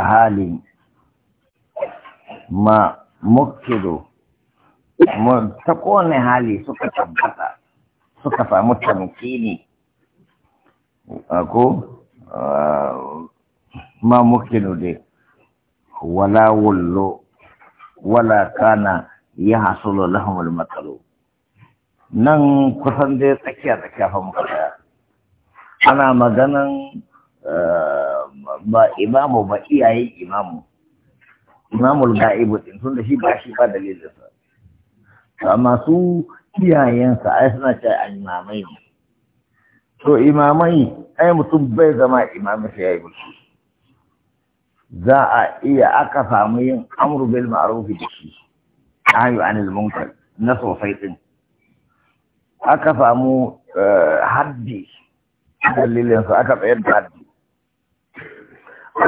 hali ma mukido ta kowane hali suka tabbata suka samu tamkini ko ma mukido dai wala wallo, wala kana ya hasulu lahumul matsalo nan kusan dai tsakiya tsakiya fa muka ana maganan ba imamu ba iyayen imamu imamul ga'ibu din tun da shi ba shi ba dalilinsa amma su sa ai suna ce imamai ne to imamai ai mutum bai zama imamin sai yayi mutu za a iya aka samu yin amru bil ma'ruf da shi ayu anil munkar na sosai din aka samu eh, haddi dalilinsa aka tsayar da haddi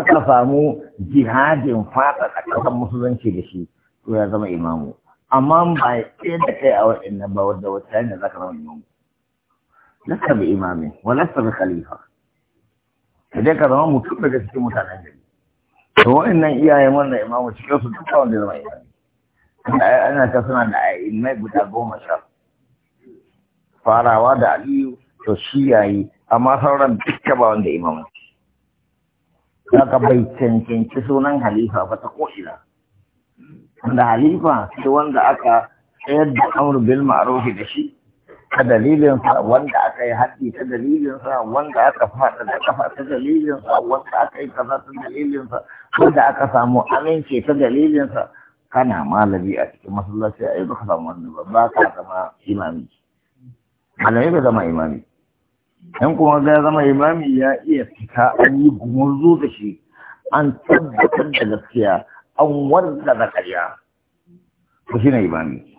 aka samu jihadin fata tsakanin musulunci da shi to ya zama imamu amma ba ya da kai a waɗannan ba wadda wata ne za ka zama imamu lasta bi imamin, wa lasta bi khalifa idan ka zama mutum daga cikin mutanen gari to waɗannan iyayen wannan imamu cikin su duka wanda zama imami ana ta suna da ayyukan guda goma sha farawa da aliyu to shi yayi amma sauran duka ba wanda imamu Saka bai cancanci sunan halifa ba ta ko'ina. Wanda halifa sai wanda aka tsayar da amur bil ma'arufi da shi, ta dalilinsa wanda aka yi haɗi ta dalilinsa wanda aka faɗa da kafa ta dalilinsa wanda aka yi kaza ta dalilinsa wanda aka samu amince ta dalilinsa kana malami a cikin masallaci a yi baka samu wani ba ba ka zama imami. Malami ba zama imami. in kuma ga zama imami ya iya fita an yi gumurzu da shi an tabbatar da gaskiya an warda da karya ba shi ne imami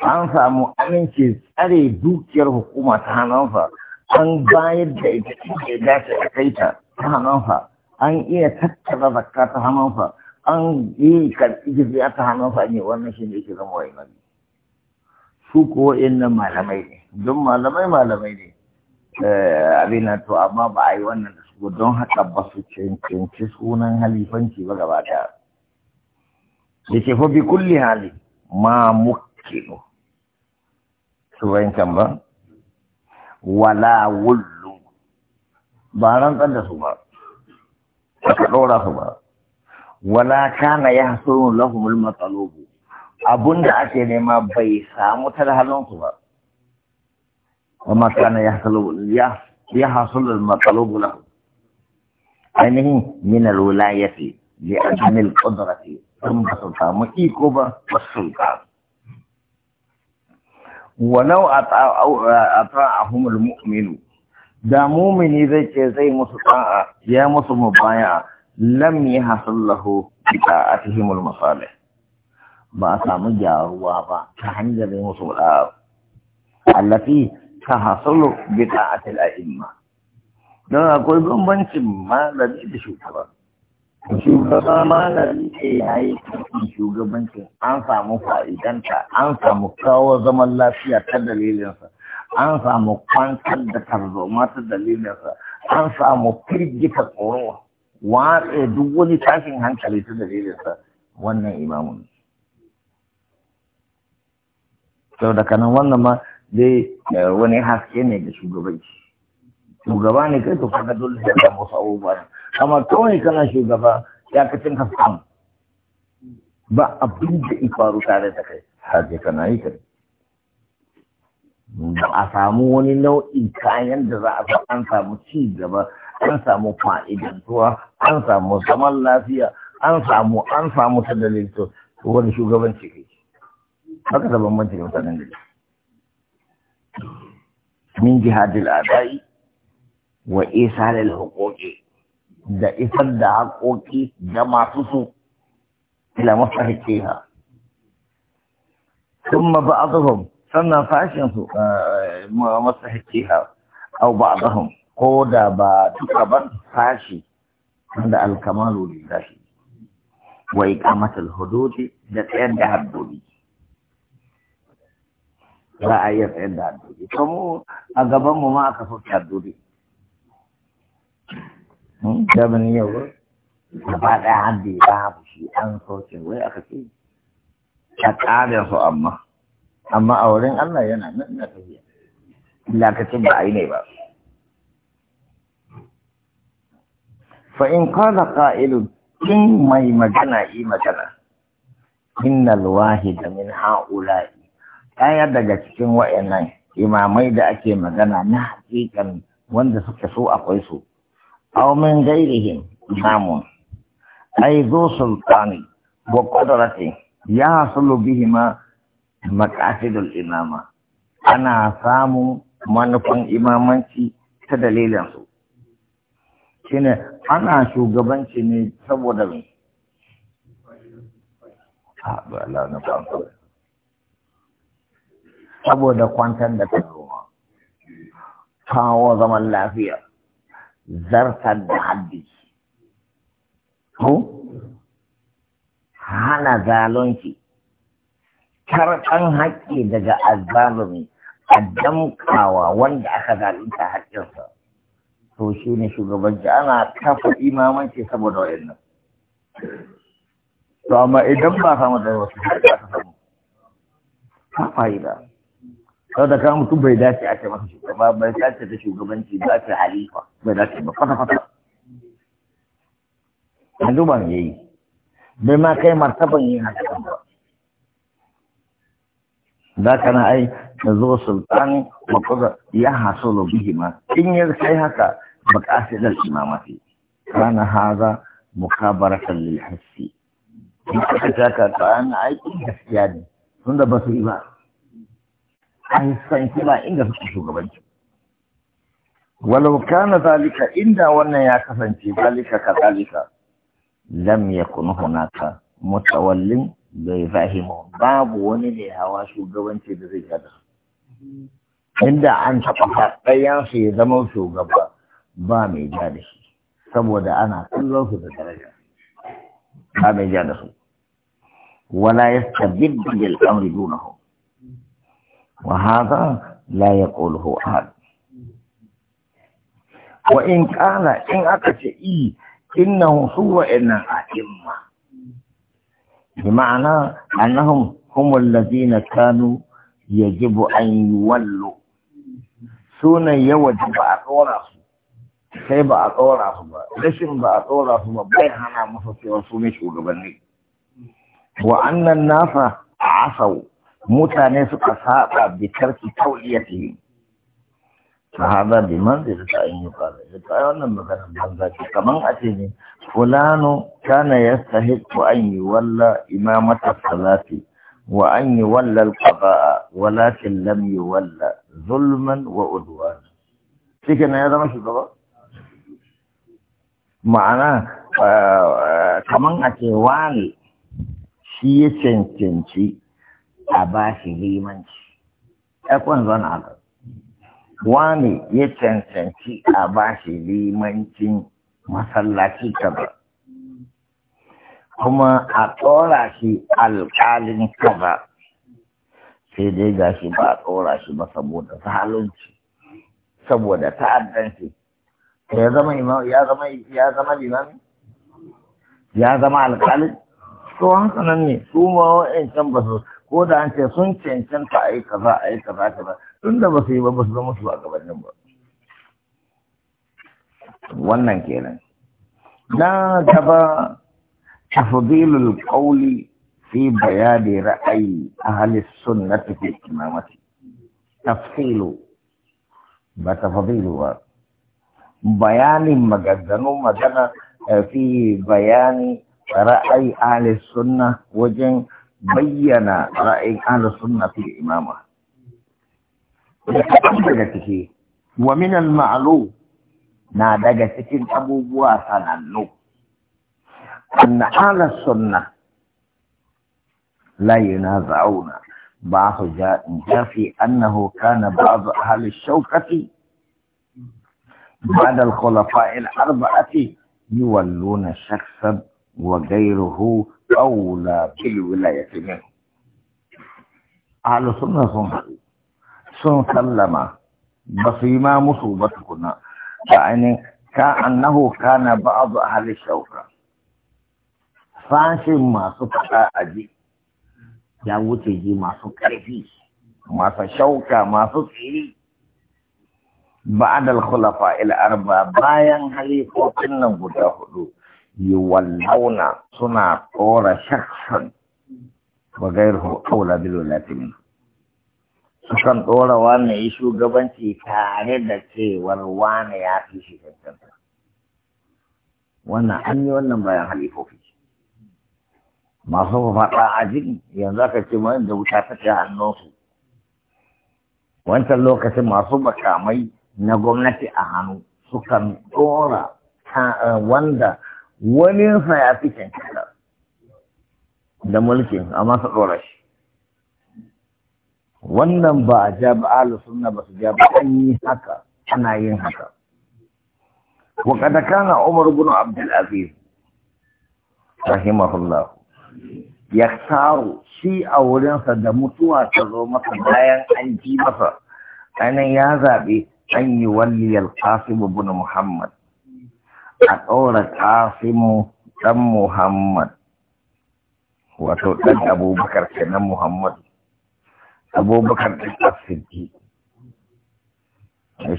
an samu aminci tsare dukiyar hukuma ta hannunsa an bayar da ita ya dace a kai ta ta hannunsa an iya tattara zakka ta hannunsa an yi karɓi jirgin ta hannunsa ne wannan shi ne yake zama wa imami su kuwa innan malamai ne don malamai malamai ne eh, abin nan to amma ba a yi wannan da su don haka ba su cancanci sunan halifanci ba gaba ɗaya da ke fa bi kulli hali ma mukkinu su bayan ba wala wullu ba rantsar da su ba aka ɗora su ba wala kana ya hasonu lahumul matsalobu abunda ake nema bai samu ta halon ku ba amma kana ya halu ya ya hasulul matalubu lahu ainihin min alwilayati li ajmil qudrati sun ba su samu iko ba wasulta walau ata'ahum almu'minu da mumini zai ce zai musu ta'a ya musu mubaya lam yahsul lahu bi ta'atihim almasalih ba a samu gyaruwa ba ta hanyar musu da allafi ta hasulu bi tilayin ma. don akwai bambancin malami da shugaba shugaba malami ne ya yi shugabancin an samu fa'idanta an samu kawo zaman lafiya ta dalilinsa an samu kwantar da tarzoma ta dalilinsa an samu firgita tsoro watsa duk wani tashin hankali ta dalilinsa wannan imamun sau da kanan wannan ma dai eh, wani haske ne da shugabanci shugaba ne kai to kaga dole sai ka musu abubuwa amma kawai kana shugaba ya ka cin ba abin da ya faru tare da kai haje kana yi kai ba a samu wani nau'in kayan da za a an samu ci gaba an samu fa'idantuwa an samu zaman lafiya an samu an samu ta dalilin to wani shugabanci kai هذا سبب منتج من جهاد الاداء وايصال الحقوق إذا ايصال الحقوق ده ما الى مصلحتها ثم بعضهم سنة فاشن آه، مصلحتها او بعضهم قودا با تكبر فاشي عند الكمال لله وإقامة الحدود لتين جهد دولي za a iya sayar da haddodi to mu a gaban mu ma aka soke haddodi dabani yau gaba ɗaya haddi babu shi an soke wai aka ce a ƙarin su amma amma a wurin Allah yana nan na tafiya lakacin ba a yi ne ba fa in qala qa'ilun in mai magana yi magana innal wahida min ha'ula'i ɗaya daga cikin wa'annan imamai da ake magana na hakikan wanda suka so akwai su aumin gairihin imamun ay sultani wa qudrati ya hasulu bihima maqasidul imama ana samu manufan imamanci ta dalilin su shine ana shugabanci ne saboda me ba la na saboda kwantar da tarowa kawo zaman lafiya zartar da haddi ko hana zalunci karɓar haƙƙi daga azalumi a damƙawa wanda aka zalunta haƙƙinsa to shi ne shugabanci ana kafa imamanci saboda nan. to amma idan ba samu da wasu haƙƙi aka samu ta fa'ida sau da kama mutum bai dace a ce masa shugaba bai dace da shugabanci ba ce halifa bai dace ba fata fata yanzu duban yayi bai ma kai martaban yin haka ba zaka ka na ai ka zo sultan makuza ya haso bihi ma in ya kai haka maqasidal imamati kana haza mukabaratan lil hissi in ka ta ka ta an gaskiya ne tunda ba su yi ba an san kina inda shugabanci Walauka na zalika inda wannan ya kasance zalika kazalika lam yakun hunaka mutawallin bai fahimu babu wani ne hawa shugabanci da zai gada inda an taɓa ɗayan su ya zama shugaba ba mai ja da shi saboda ana kallon su da daraja ba mai ja da su wala yastabid bil amri dunahu وهذا لا يقوله أحد وإن قال إن أكتئي إنه هو إن أئمة بمعنى أنهم هم الذين كانوا يجب أن يولوا سونا يوجب أطورا سيب أطورا سبا لشن أطورا سبا بيهنا مصطي وصوني شو قبلني وأن الناس عصوا mutane suka saba bitar ki tauliyati sahaba bi manzil ta in da ta wannan magana banza ce kaman a ce ne fulano kana yastahiqu an yuwalla imamata salati wa an yuwalla al-qada'a walakin lam yuwalla zulman wa udwan shike ne ya zama shi shugaba ma'ana eh, kaman a ce wani shi ya cancanci a ba shi limanci ɗakon zon aka wani ya cancanci a ba shi limancin masallaci kaza kuma a tsora shi alƙalin kaza sai dai ga shi ba a tsora shi ba saboda zalunci saboda ta'addanci ya zama ya zama ya zama limami ya zama alƙalin Su haka ne su ma wa'ancan ba su ko da an ce sun cancanta a yi kaza a yi kaza kaza tun da ba su yi ba ba su zama su a gabanin ba wannan kenan na gaba tafadilul kauli fi bayani ra'ayi ahli sunnati fi imamati tafsilu ba tafadilu ba bayanin maganganu magana eh, fi bayani ra'ayi ahli sunna wajen بينا رأي أهل السنة في الإمامة ومن المعلوم نادق سكين أبو بواسان النوب أن أهل السنة لا ينازعون بعض جاء في أنه كان بعض أهل الشوكة بعد الخلفاء الأربعة يولون شخصا وغيره أولى بالولاية منه أهل سنة سنة sun sallama ba yi ma musu ba tukuna ta'ani ka annahu kana ba'd hali shauka Sashen masu fada aji ya wuce ji masu karfi masu shauka masu tsiri ba'd al khulafa il arba bayan halifofin nan guda huɗu. yuwallauna suna tsora shakshan. ba gairu aula bil sukan tsora wane yi shugabanci tare da cewar wane ya fi shi cancanta wannan an yi wannan bayan halifofi masu faɗa a jini yanzu aka ce wani da wuta ta ce hannunsu wancan lokacin masu makamai na gwamnati a hannu sukan tsora wanda Waninsa ya fi cancanta da mulkin a masa ɗora shi wannan ba a ja ba alu ba su ja an yi haka ana yin haka Wakata kana umar ibn abdulaziz rahimahullah ya tsaro shi a wurinsa da mutuwa ta zo masa bayan an ji masa ainihin ya zaɓi an yi walliyar qasim bin muhammad a ɗora ƙasimu ɗan Muhammad, wato ɗan abubakar kenan Muhammad, abubakar ɗan asirki.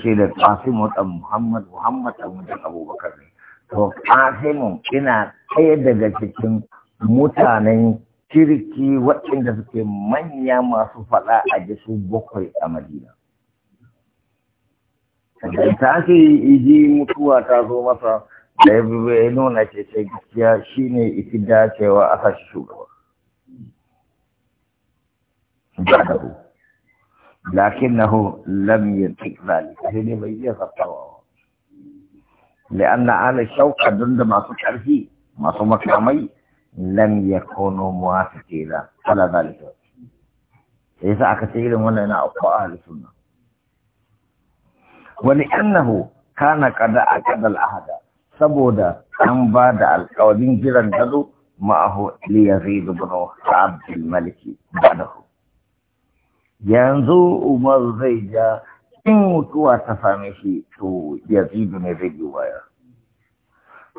shi da kasimu ɗan Muhammad, Muhammad ɗan wajen abubakar ne. To, ƙasimu ina ɗaya daga cikin mutanen kirki waɗanda suke manya masu faɗa a jisu bakwai a Madina. Da ta ce iji mutuwa ta zo masa da ya nuna ce ce gaskiya shi ne iti dacewa a kashi shugaba. Gadabu. Lakin na hu lam yi tikzali, kashi ne bai iya sattawa wa. Da an na ala shauka don da masu ƙarfi, masu makamai, lam kono muwa su ke da kala zalika. Sai sa aka ce irin wannan yana akwai a halittun nan. Wani ƴan na hu kana kada a kadal ahada. saboda an ba da alƙawarin jiran gado ma'ahu liyazid ibn abdul da ku. yanzu umar zai ja in mutuwa ta same shi to yazidu ne zai yi waya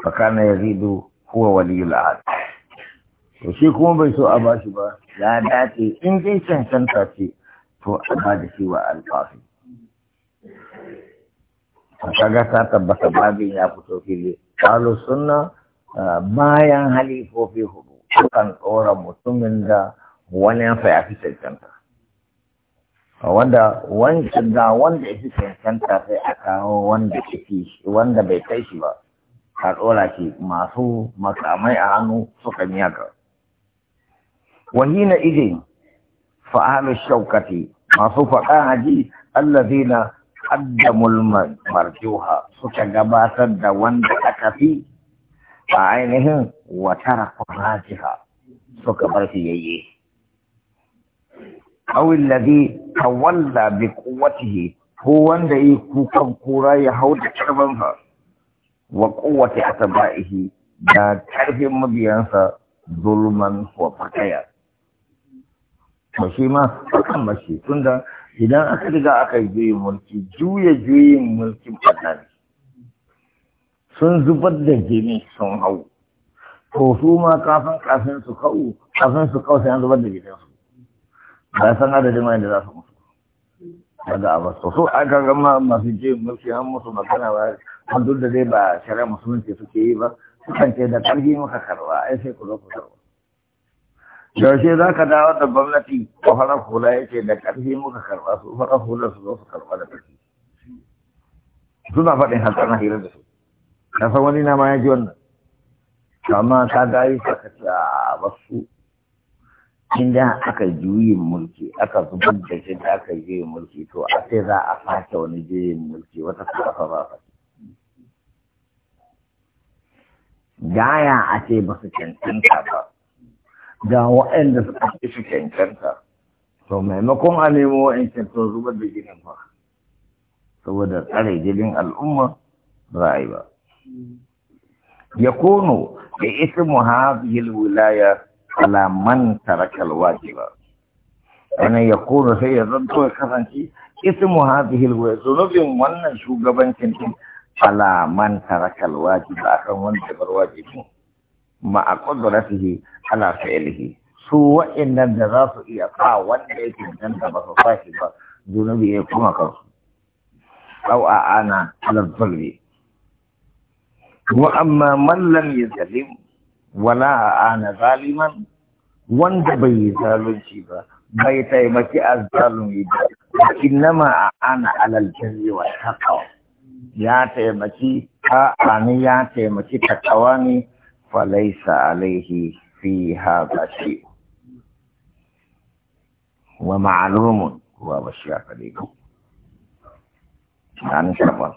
fakana yazidu kuwa waliyul ahad to shi kuma bai so a bashi ba ya dace in dai cancanta ce to a ba da shi wa alfafi kaga ta tabbata babin ya fito fili kalu sunna bayan halifofi hudu sukan tsora mutumin da wani yansa ya fi cancanta wanda wancan da wanda ya fi cancanta sai a kawo wanda wanda bai kai shi ba a tsora shi masu makamai a hannu suka miyaka wahina ije fa'alu shaukati masu faɗa haji allazina qaddamul marjuha suka gabatar da wanda aka fi a ainihin watara taraku rajiha suka bar shi yayye aw alladhi tawalla bi quwwatihi ko wanda yi kukan kura ya hau da karbansa wa quwwati atba'ihi da karfin mabiyansa zulman wa to shi ma akan mashi tunda idan aka riga aka yi juyin mulki juya juyin mulkin annabi sun zubar da jini sun hau to su ma kafin kafin su kawo kafin su kawo sai an zubar da jinin su ba san adadin mai da za su mutu daga abas to so aka ga masu juyin mulki an musu magana ba har duk da dai ba shari'a musulunci suke yi ba sukan ce da karfi muka karwa ai sai ku zo ku karwa. yaushe za ka dawo da gwamnati a farar hula ya ce da ƙarfi muka karɓa su farar hula su zo su karɓa da ƙarfi suna faɗin hankali na hira da su na san wani na ma ya ji wannan amma ka dayi saka ce a wasu inda aka juyin mulki aka zubar da shi da aka juyin mulki to a sai za a sake wani juyin mulki wata kafa ba fa gaya a ce ba su cancanta ba ga waɗanda suka fi su cancanta to maimakon a nemo wa'ancan sun zubar da ginin fa saboda tsare gidan al'umma ra'ayi a yi ba ya kono da ismu hadhihi wilaya ala man waje ba wani ya kono sai ya zanto ya kasance ismu hadhihi wilaya zunubin wannan shugabancin din ala man taraka ba akan wanda bar wajibin ma'a ƙudurafihi ana fi'ilihi su wa'annan da za su iya sa wanda yake nan da ba su fashi ba zunubi ya kuma kansu au a ana ala zulmi wa amma man lam zalim wala ana zaliman wanda bai yi zalunci ba bai taimaki a zalunci ba nama a ana alal birri wa ya taimaki a'a ne ya taimaki takawa ne فليس عليه في هذا شيء ومعلوم هو بشيء قديم يعني شرفه